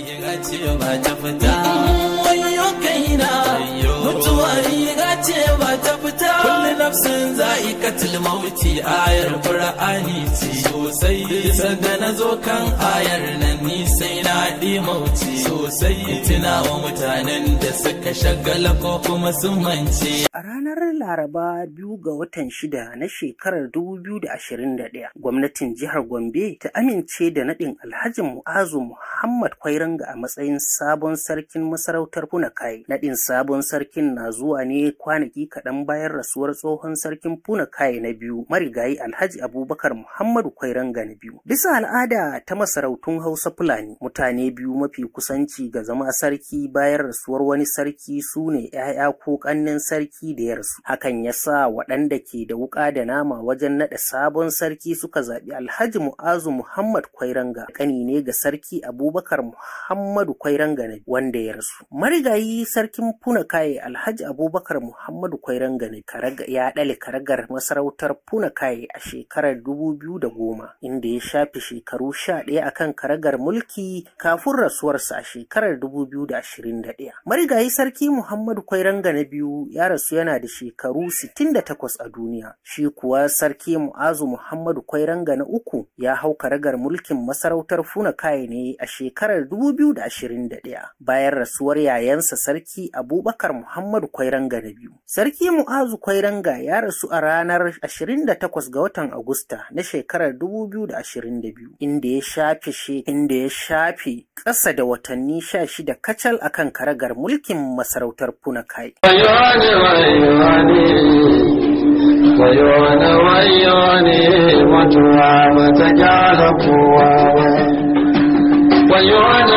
riga ce fita wayo kaina mutuwa riga ce ba ta fita kullu nafsin za'iqatul mauti ayar qur'ani ce sosai sanda na zo kan ayar nan ni sai na ɗi mauci sosai tuna wa mutanen da suka shagala ko kuma sun mance. A ranar Laraba biyu ga watan shida na shekarar ɗaya, gwamnatin jihar Gombe ta amince da naɗin Alhaji Mu'azu Muhammad Kwairanga a matsayin sabon sarkin masarautar Funakai. Naɗin sabon sarkin na zuwa ne kwanaki kaɗan bayan rasuwar tsohon sarkin Funakai na biyu marigayi Alhaji Abubakar Muhammadu Kwairanga dangane biyu. Bisa al'ada ta masarautun Hausa Fulani, mutane biyu mafi kusanci ga zama sarki bayan rasuwar wani sarki su ne ‘ya'ya ko ƙannen sarki da yarsu. Hakan ya sa waɗanda ke da wuƙa da nama wajen naɗa sabon sarki suka zaɓi Alhaji Mu'azu Muhammad Kwairanga, ƙani ne ga sarki Abubakar Muhammadu Kwairanga wanda ya rasu. Marigayi sarkin Funakaye Alhaji Abubakar Muhammadu Kwairanga ya ɗale karagar masarautar Funakaye a shekarar dubu biyu da goma. inda ya shafi shekaru sha ɗaya a kan karagar mulki kafin rasuwarsa a shekarar 2021. Marigayi Sarki Muhammadu Kwairanga na biyu ya rasu yana da shekaru 68 a duniya. Shi kuwa Sarki Mu'azu Muhammadu Kwairanga na uku ya hau karagar mulkin masarautar Funa Kai ne a shekarar 2021 bayan rasuwar yayansa Sarki Abubakar Muhammadu Kwairanga na biyu. Sarki Mu'azu Kwairanga ya rasu a ranar 28 ga watan Agusta na shekarar 2021. 2022 inda ya shafe she inda ya shafe ƙasa da watanni sha shida kacal kan karagar mulkin masarautar Punakai. Wayone ta gyara kowa ba.